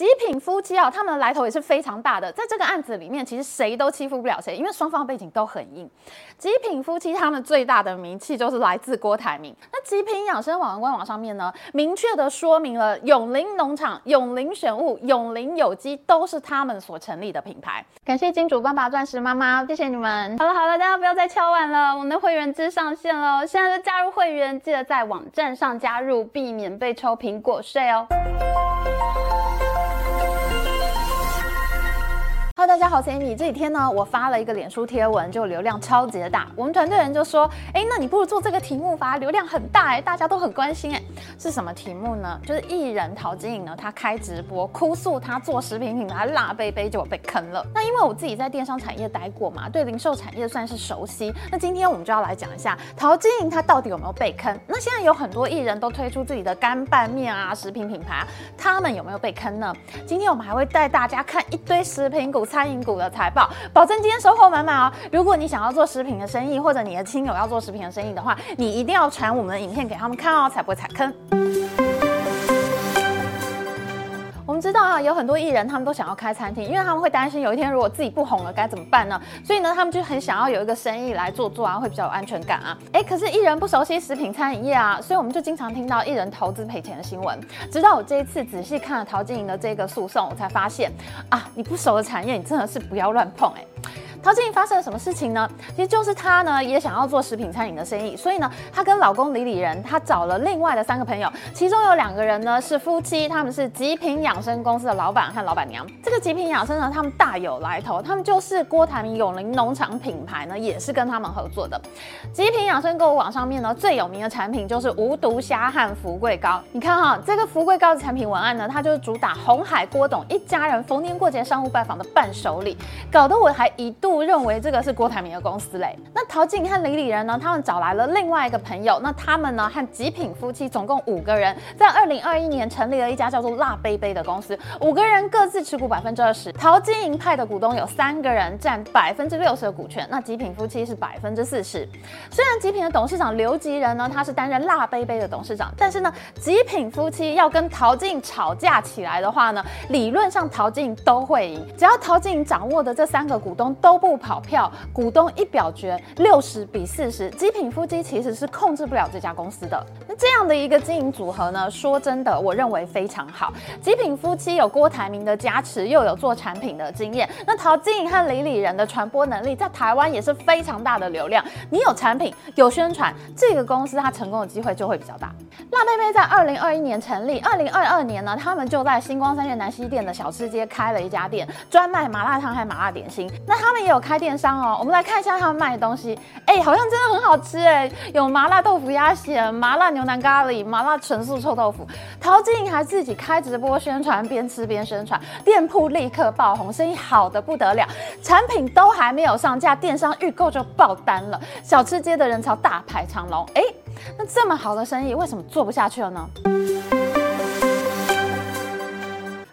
吉品夫妻啊，他們的來頭也是非常大的。在這個案子裡面，其實誰都欺負不了誰，因為雙方背景都很硬。吉品夫妻他們最大的名氣就是來自郭台銘。那吉品養生網官網上面呢，明確的說明了永齡農場、永齡選物、永齡有機都是他們所成立的品牌。感謝金主爸爸、鑽石媽媽，謝謝你們。好了好了，大家不要再敲碗了，我們的會員制上線了，現在就加入會員，記得在網站上加入，避免被抽蘋果稅哦。哈囉，大家好，我是 Amy。這幾天呢，我發了一個臉書貼文，就流量超級的大。我們團隊人就說，哎、欸，那你不如做這個題目吧，流量很大、欸，哎，大家都很關心、欸，哎，是什麼題目呢？就是藝人陶晶瑩呢，她開直播哭訴，她做食品品牌辣杯杯就被坑了。那因為我自己在電商產業待過嘛，對零售產業算是熟悉。那今天我們就要來講一下，陶晶瑩她到底有沒有被坑？那現在有很多藝人都推出自己的乾拌麵啊，食品品牌，他們有沒有被坑呢？今天我們還會帶大家看一堆食品股。餐飲股的財報，保證今天收穫滿滿哦。如果你想要做食品的生意，或者你的親友要做食品的生意的話，你一定要傳我們的影片給他們看哦，才不會踩坑。我知道啊，有很多藝人他們都想要開餐廳，因為他們會擔心有一天如果自己不紅了該怎麼辦呢？所以呢，他們就很想要有一個生意來做做啊，會比較有安全感啊。哎，可是藝人不熟悉食品餐飲業啊，所以我們就經常聽到藝人投資賠錢的新聞。直到我這一次仔細看了陶晶瑩的這個訴訟，我才發現啊，你不熟的產業，你真的是不要亂碰欸。陶晶瑩發生了什麼事情呢？其實就是她呢也想要做食品餐飲的生意，所以呢，她跟老公李李仁，她找了另外的三個朋友，其中有兩個人呢是夫妻，他們是吉品養生公司的老闆和老闆娘。這個吉品養生呢，他們大有來頭，他們就是郭台銘永齡農場品牌呢，也是跟他們合作的。吉品養生購物網上面呢，最有名的產品就是無毒蝦和福貴膏。你看哈、哦，這個福貴膏的產品文案呢，它就是主打鴻海郭董一家人逢年過節商務拜訪的伴手禮，搞得我還一度。認為這個是郭台銘的公司嘞。那陶晶瑩和李李仁呢？他們找來了另外一個朋友。那他們呢？和吉品夫妻總共五個人，在二零二一年成立了一家叫做辣杯杯的公司。五個人各自持股百分之二十。陶晶瑩派的股東有三個人佔百分之六十的股權，那吉品夫妻是百分之四十。雖然吉品的董事長劉吉仁呢，他是擔任辣杯杯的董事長，但是呢，吉品夫妻要跟陶晶瑩吵架起來的話呢，理論上陶晶瑩都會贏。只要陶晶瑩掌握的這三個股東都不跑票，股東一表決六十比四十，吉品夫妻其實是控制不了這家公司的。那這樣的一個經營組合呢，說真的，我認為非常好。吉品夫妻有郭台銘的加持，又有做產品的經驗。那陶晶瑩和李李仁的傳播能力，在台灣也是非常大的流量。你有產品，有宣傳，這個公司它成功的機會就會比較大。辣杯杯在二零二一年成立，二零二二年呢，他們就在新光三越南西店的小吃街開了一家店，專賣麻辣燙和麻辣點心。那他們也有開電商哦，我們來看一下他們賣的東西。哎，好像真的很好吃哎！有麻辣豆腐鴨血、麻辣牛腩咖喱、麻辣純素臭豆腐。陶晶瑩還自己開直播宣傳，邊吃邊宣傳，店鋪立刻爆紅，生意好得不得了。產品都還沒有上架，電商預購就爆單了。小吃街的人潮大排長龍。哎，那這麼好的生意，為什麼做不下去了呢？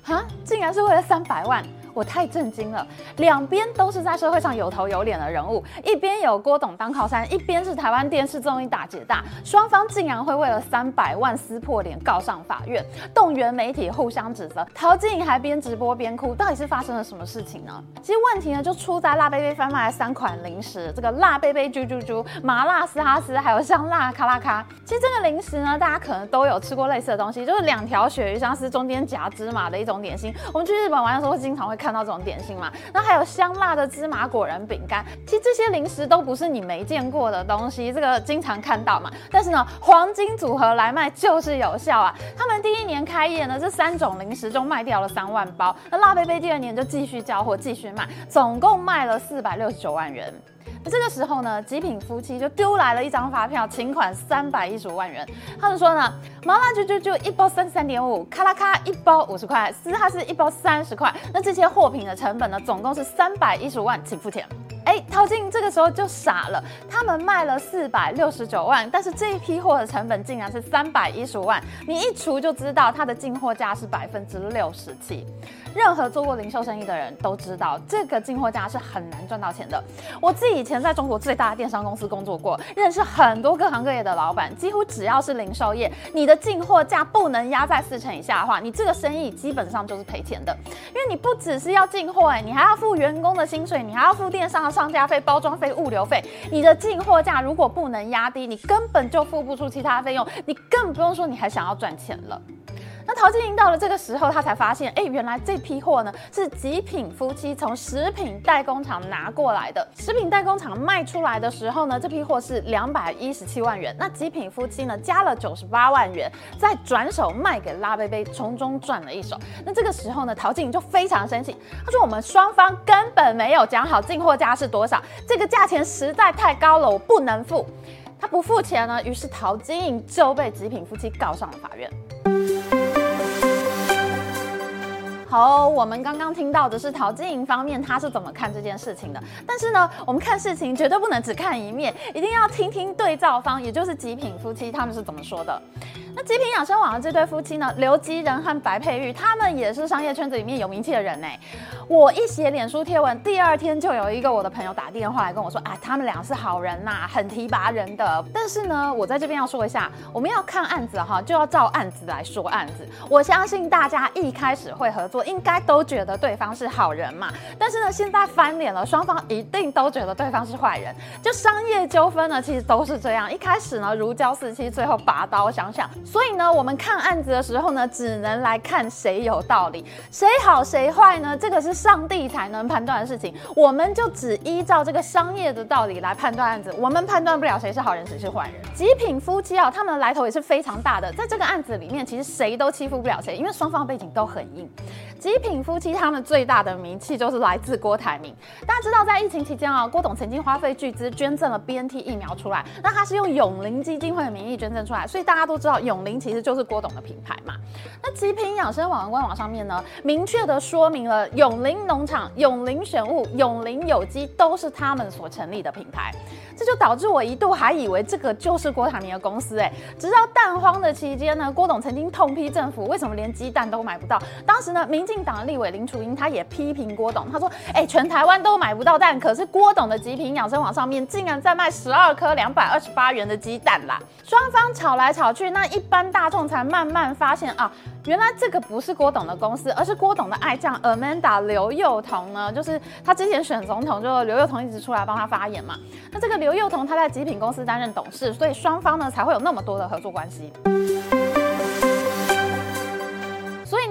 哈，竟然是為了三百萬！我太震驚了，兩邊都是在社會上有頭有臉的人物，一邊有郭董當靠山，一邊是台灣電視綜藝大姐大，雙方竟然會為了三百萬撕破臉，告上法院，動員媒體互相指責。陶晶瑩還邊直播邊哭，到底是發生了什麼事情呢？其實問題呢，就出在辣杯杯販賣的三款零食，這個辣杯杯啾啾啾麻辣絲哈斯，還有香辣咔啦咔。其實這個零食呢，大家可能都有吃過類似的東西，就是兩條鱈魚香絲中間夾芝麻的一種點心。我們去日本玩的時候，經常會看。看到這種點心嘛，那還有香辣的芝麻果仁餅乾。其實這些零食都不是你沒見過的東西，這個經常看到嘛。但是呢，黃金組合來賣就是有效啊。他們第一年開業呢，這三種零食就賣掉了三萬包。那辣杯杯第二年就繼續交貨，繼續賣，總共賣了四百六十九萬元。那這個時候呢，吉品夫妻就丟來了一張發票，請款三百一十五萬元。他們說呢，麻辣就就就一包三十三點五，咔啦咔，一包五十塊，斯哈它是一包三十塊。那這些貨品的成本呢，總共是三百一十五萬，請付錢。哎，陶靜這個時候就傻了。他們賣了四百六十九萬，但是這一批貨的成本竟然是三百一十五萬。你一除就知道，他的進貨價是百分之六十七。任何做過零售生意的人都知道，這個進貨價是很難賺到錢的。我自己以前在中國最大的電商公司工作過，認識很多各行各業的老闆，幾乎只要是零售業，你的進貨價不能壓在四成以下的話，你這個生意基本上就是賠錢的。因為你不只是要進貨、欸，你還要付員工的薪水，你還要付電商的。商家費、包裝費、物流費，你的進貨價如果不能壓低，你根本就付不出其他費用，你更不用說你還想要賺錢了。那陶晶瑩到了這個時候，她才發現，哎，原來這批貨呢是吉品夫妻從食品代工廠拿過來的。食品代工廠賣出來的時候呢，這批貨是兩百一十七萬元。那吉品夫妻呢加了九十八萬元，再轉手賣給辣杯杯，從中賺了一手。那這個時候呢，陶晶瑩就非常生氣，她說我們雙方根本沒有講好進貨價是多少，這個價錢實在太高了，我不能付。他不付錢呢，於是陶晶瑩就被吉品夫妻告上了法院。好，我們剛剛聽到的是陶晶瑩方面他是怎麼看這件事情的。但是呢，我們看事情絕對不能只看一面，一定要聽聽對照方，也就是吉品夫妻他們是怎麼說的。那吉品養生網的這對夫妻呢，劉基仁和白佩玉，他們也是商業圈子裡面有名氣的人呢。我一寫臉書貼文，第二天就有一個我的朋友打電話來跟我說，啊、哎，他們倆是好人吶、啊，很提拔人的。但是呢，我在這邊要說一下，我們要看案子哈，就要照案子來說案子。我相信大家一開始會合作，應該都覺得對方是好人嘛。但是呢，現在翻臉了，雙方一定都覺得對方是壞人。就商業糾紛呢，其實都是這樣，一開始呢如膠似漆，最後拔刀相向。所以呢，我們看案子的時候呢，只能來看誰有道理，誰好誰壞呢？這個是，上帝才能判斷的事情，我們就只依照這個商業的道理來判斷案子。我們判斷不了誰是好人，誰是壞人。吉品夫妻啊、哦，他們的來頭也是非常大的。在這個案子裡面，其實誰都欺負不了誰，因為雙方背景都很硬。吉品夫妻他們最大的名氣就是來自郭台銘。大家知道，在疫情期間啊，郭董曾經花費巨資捐贈了 BNT 疫苗出來，那他是用永齡基金會的名義捐贈出來，所以大家都知道永齡其實就是郭董的品牌嘛。那吉品養生網官網上面呢，明確的說明了永齡農場、永齡選物、永齡有機都是他們所成立的品牌，這就導致我一度還以為這個就是郭台銘的公司哎、欸。直到蛋荒的期間呢，郭董曾經痛批政府為什麼連雞蛋都買不到，當時呢明。進黨的立委林楚英，他也批評郭董，他說：“哎，全台灣都買不到蛋，可是郭董的吉品養生網上面竟然在賣十二顆兩百二十八元的雞蛋啦！”雙方吵來吵去，那一般大眾才慢慢發現啊，原來這個不是郭董的公司，而是郭董的愛將 Amanda 劉宥彤呢，就是他之前選總統就劉宥彤一直出來幫他發言嘛。那這個劉宥彤他在吉品公司擔任董事，所以雙方呢才會有那麼多的合作關係。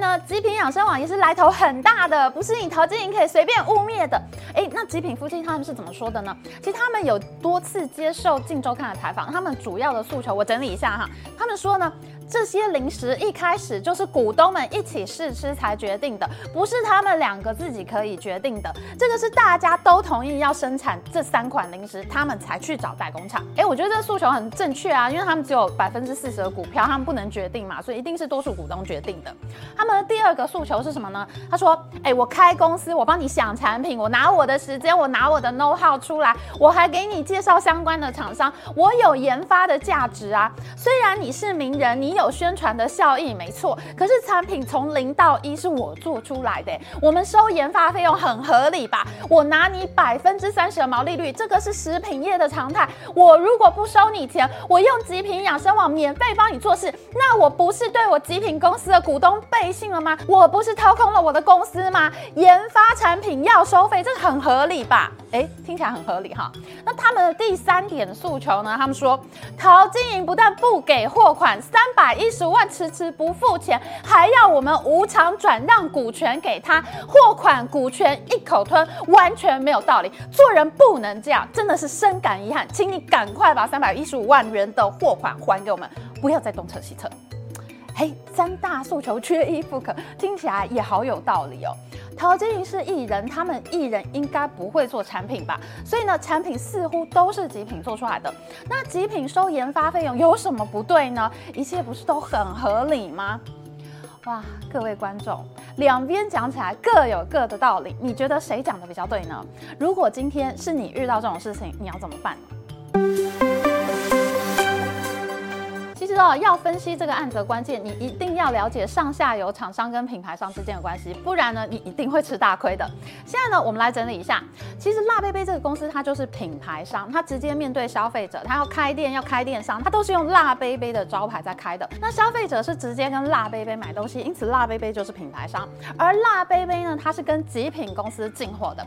呃，吉品養生網也是來頭很大的，不是你陶晶瑩可以隨便污衊的。哎，那吉品夫妻他們是怎麼說的呢？其實他們有多次接受《鏡週刊》的採訪，他們主要的訴求我整理一下哈，他們說呢。這些零食一開始就是股東們一起試吃才決定的，不是他們兩個自己可以決定的。這個是大家都同意要生產這三款零食，他們才去找代工廠。哎，我覺得這個訴求很正確啊，因為他們只有百分之四十的股票，他們不能決定嘛，所以一定是多數股東決定的。他們的第二個訴求是什麼呢？他說：哎，我開公司，我幫你想產品，我拿我的時間，我拿我的 know how 出來，我還給你介紹相關的廠商，我有研發的價值啊。雖然你是名人，你有宣傳的效益沒錯，可是產品從零到一是我做出來的。欸，我們收研发費用很合理吧？我拿你百分之三十的毛利率，這個是食品業的常態。我如果不收你錢，我用吉品養生網免費幫你做事，那我不是對我吉品公司的股東背信了嗎？我不是掏空了我的公司嗎？研發產品要收費，這個很合理吧？哎，聽起來很合理哈。那他們的第三點訴求呢？他們說陶晶瑩不但不給貨款三百一十萬，遲遲不付錢，還要我們無償轉讓股權給他，貨款、股權一口吞，完全沒有道理。做人不能這樣，真的是深感遺憾。請你趕快把三百一十五萬元的貨款還給我們，不要再東扯西扯。哎，三大訴求缺一不可，聽起來也好有道理哦。陶晶瑩是藝人，他們藝人應該不會做產品吧？所以呢，產品似乎都是吉品做出來的。那吉品收研發費用有什麼不對呢？一切不是都很合理嗎？哇，各位觀眾，兩邊講起來各有各的道理，你覺得誰講的比較對呢？如果今天是你遇到這種事情，你要怎麼辦？要分析這個案子的關鍵，你一定要了解上下游廠商跟品牌商之間的關係，不然呢，你一定會吃大虧的。現在呢，我們來整理一下，其實辣杯杯這個公司，它就是品牌商，它直接面對消費者，它要開店，要開電商，它都是用辣杯杯的招牌在開的。那消費者是直接跟辣杯杯買東西，因此辣杯杯就是品牌商，而辣杯杯呢，它是跟吉品公司進貨的。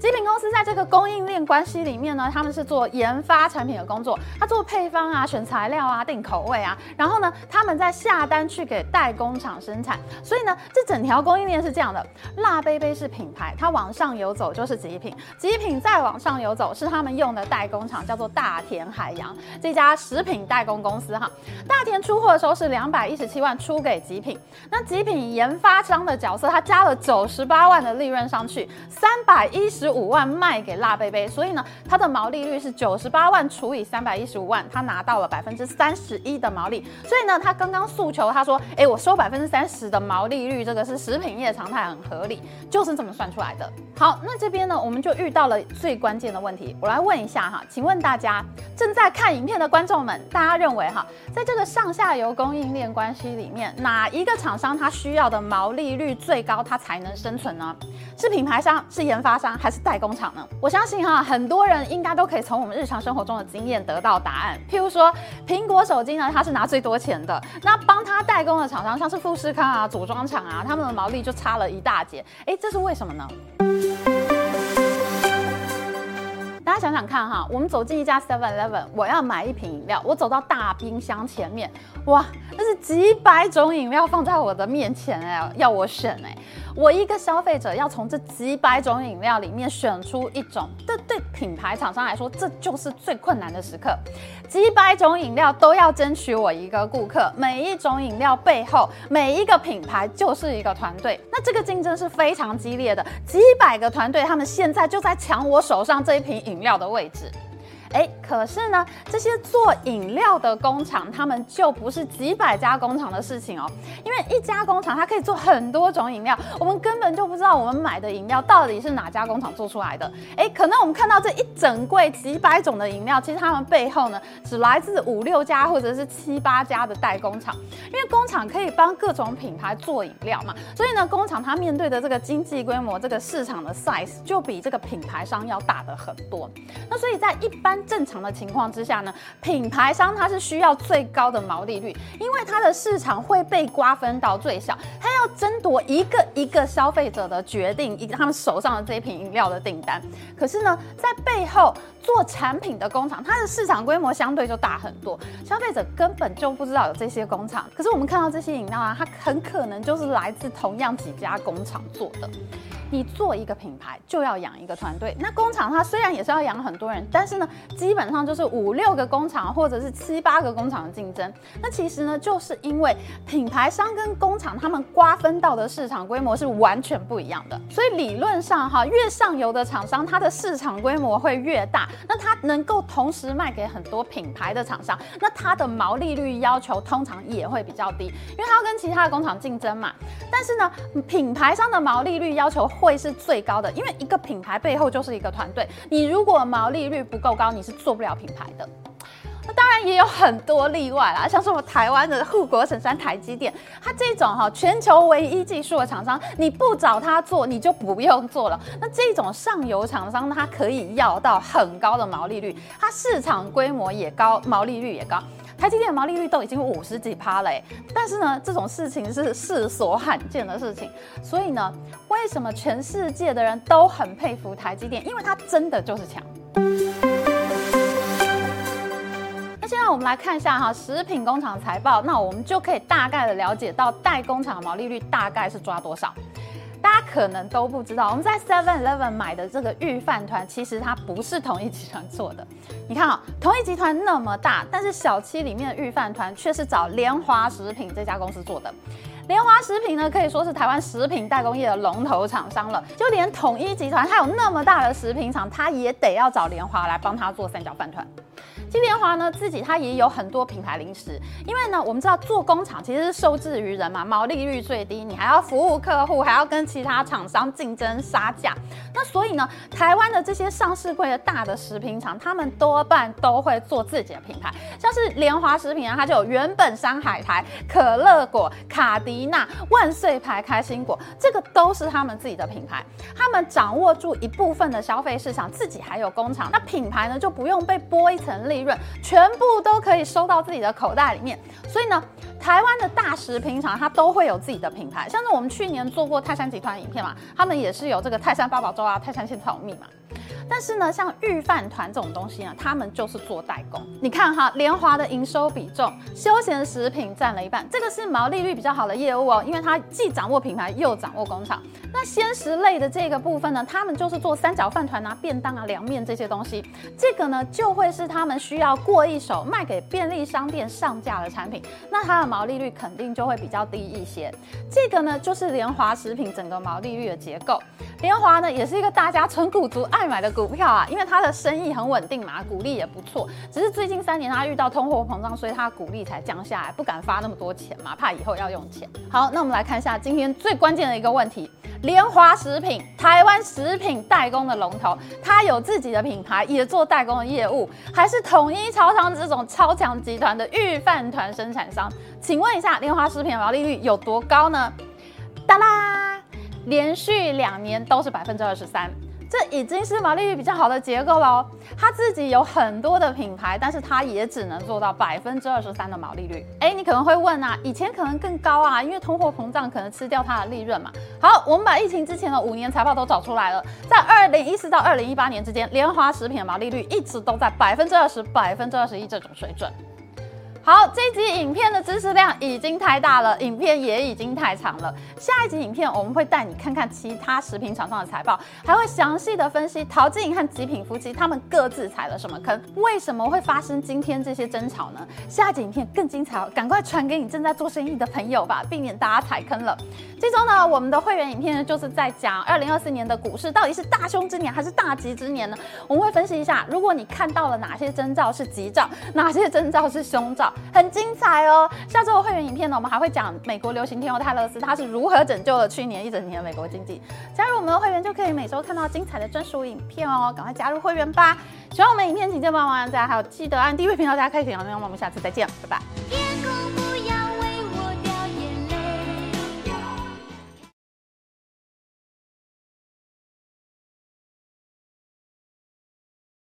極品公司在這個供應鏈關係裡面呢，他們是做研發產品的工作，他做配方啊、選材料啊、定口味啊，然後呢，他們在下單去給代工廠生產。所以呢，這整條供應鏈是這樣的：辣杯杯是品牌，它往上游走就是吉品，吉品再往上游走是他們用的代工廠，叫做大田海洋這家食品代工公司。哈，大田出貨的時候是兩百一十七萬出給吉品，那吉品研發商的角色，他加了九十八萬的利潤上去，三百一十五萬。五萬賣給辣杯杯，所以呢，它的毛利率是九十八萬除以三百一十五萬，他拿到了百分之三十一的毛利。所以呢，他剛剛訴求他說，哎，我收百分之三十的毛利率，這個是食品業常態，很合理，就是這麼算出來的。好，那這邊呢，我們就遇到了最關鍵的問題，我來問一下哈，請問大家。正在看影片的觀眾們，大家認為哈，在這個上下游供應鏈關係裡面，哪一個廠商它需要的毛利率最高，它才能生存呢？是品牌商，是研發商，還是代工廠呢？我相信哈，很多人應該都可以從我們日常生活中的經驗得到答案。譬如說，蘋果手機呢，它是拿最多錢的，那幫它代工的廠商，像是富士康啊、組裝廠啊，他們的毛利就差了一大截。誒，這是為什麼呢？想想看哈，我們走進一家 Seven Eleven，我要買一瓶飲料。我走到大冰箱前面，哇，那是幾百種飲料放在我的面前哎，要我選哎。我一個消費者要從這幾百種飲料裡面選出一種，這對，對品牌廠商來說，這就是最困難的時刻。幾百種飲料都要爭取我一個顧客，每一種飲料背後，每一個品牌就是一個團隊。那這個競爭是非常激烈的，幾百個團隊，他們現在就在搶我手上這一瓶飲料。要的位置。哎，可是呢，這些做飲料的工廠，他們就不是幾百家工廠的事情哦。因為一家工廠它可以做很多種飲料，我們根本就不知道我們買的飲料到底是哪家工廠做出來的。哎，可能我們看到這一整櫃幾百種的飲料，其實它們背後呢，只來自五六家或者是七八家的代工廠。因為工廠可以幫各種品牌做飲料嘛，所以呢，工廠它面對的這個經濟規模、這個市場的 size 就比這個品牌商要大得很多。那所以在一般正常的情況之下呢，品牌商它是需要最高的毛利率，因為它的市場會被瓜分到最小，它要爭奪一個一個消費者的決定，以及他們手上的這一瓶飲料的訂單。可是呢，在背後做產品的工廠，它的市場規模相對就大很多，消費者根本就不知道有這些工廠。可是我們看到這些飲料啊，它很可能就是來自同樣幾家工廠做的。你做一個品牌就要養一個團隊，那工廠它雖然也是要養很多人，但是呢，基本上就是五六個工廠或者是七八個工廠的競爭。那其實呢，就是因為品牌商跟工廠他們瓜分到的市場規模是完全不一樣的，所以理論上哈，越上游的廠商它的市場規模會越大，那它能夠同時賣給很多品牌的廠商，那它的毛利率要求通常也會比較低，因為它要跟其他的工廠競爭嘛。但是呢，品牌商的毛利率要求，會是最高的，因為一個品牌背後就是一個團隊。你如果毛利率不夠高，你是做不了品牌的。那當然也有很多例外啦，像是我們台灣的護國神山台積電，它這種哈全球唯一技術的廠商，你不找他做，你就不用做了。那這種上游廠商，它可以要到很高的毛利率，它市場規模也高，毛利率也高。台積電的毛利率都已經五十幾趴了誒，但是呢，這種事情是世所罕見的事情，所以呢，為什麼全世界的人都很佩服台積電？因為它真的就是強。 那現在我們來看一下哈，食品工廠財報，那我們就可以大概的了解到代工廠的毛利率大概是抓多少。大家可能都不知道，我們在 Seven Eleven 買的這個御飯糰，其實它不是統一集團做的。你看啊、哦，統一集團那麼大，但是小七裡面的御飯糰卻是找聯華食品這家公司做的。聯華食品呢，可以說是台灣食品代工業的龍頭廠商了。就連統一集團，它有那麼大的食品廠，它也得要找聯華來幫它做三角飯糰。金蓮華呢自己它也有很多品牌零食，因為呢我們知道做工廠其實是受制於人嘛，毛利率最低，你還要服務客戶，還要跟其他廠商競爭殺價。那所以呢，台灣的這些上市櫃的大的食品廠，他們多半都會做自己的品牌，像是蓮華食品啊，它就有原本山海苔、可樂果、卡迪娜、萬歲牌開心果，這個都是他們自己的品牌。他們掌握住一部分的消費市場，自己還有工廠，那品牌呢就不用被剝一層利。利潤全部都可以收到自己的口袋裡面，所以呢，台灣的大食品廠它都會有自己的品牌，像是我們去年做過泰山集團影片嘛，他們也是有這個泰山八寶粥啊、泰山仙草蜜嘛。但是呢，像御飯糰這種東西呢，他們就是做代工。你看哈，聯華的營收比重，休閒食品佔了一半，這個是毛利率比較好的業務哦，因為它既掌握品牌又掌握工廠。那鮮食類的這個部分呢，他們就是做三角飯團啊、便當啊、涼麵這些東西，這個呢就會是他們需要過一手賣給便利商店上架的產品，那它的毛利率肯定就會比較低一些。這個呢就是聯華食品整個毛利率的結構。聯華呢也是一個大家存股族愛買的。股票啊，因為他的生意很穩定嘛，股利也不錯。只是最近三年他遇到通貨膨脹，所以他的股利才降下來，不敢發那麼多錢嘛，怕以後要用錢。好，那我們來看一下今天最關鍵的一個問題：聯華食品，台灣食品代工的龍頭，它有自己的品牌，也做代工的業務，還是統一超商這種超強集團的御飯糰生產商。請問一下，聯華食品毛利率有多高呢？噠啦，連續兩年都是百分之二十三。這已經是毛利率比較好的結構了哦，它自己有很多的品牌，但是它也只能做到百分之二十三的毛利率。哎，你可能會問啊，以前可能更高啊，因為通貨膨脹可能吃掉它的利潤嘛。好，我們把疫情之前的五年財報都找出來了，在二零一四到二零一八年之間，聯華食品的毛利率一直都在百分之二十、百分之二十一這種水準。好，這集影片的知識量已經太大了，影片也已經太長了。下一集影片我們會帶你看看其他食品廠商的財報，還會詳細的分析陶晶瑩和吉品夫妻他們各自踩了什麼坑，為什麼會發生今天這些爭吵呢？下一集影片更精彩，哦，趕快傳給你正在做生意的朋友吧，避免大家踩坑了。這週呢，我們的會員影片呢就是在講二零二四年的股市到底是大凶之年還是大吉之年呢？我們會分析一下，如果你看到了哪些徵兆是吉兆，哪些徵兆是凶兆。很精彩哦！下周的會員影片呢，我們還會講美國流行天后泰勒斯，她是如何拯救了去年一整年的美國經濟。加入我們的會員就可以每周看到精彩的專屬影片哦，趕快加入會員吧！喜歡我們的影片，請記得幫忙按讚，還有記得按訂閱頻道，大家可以點個讚。我們下次再見，拜拜！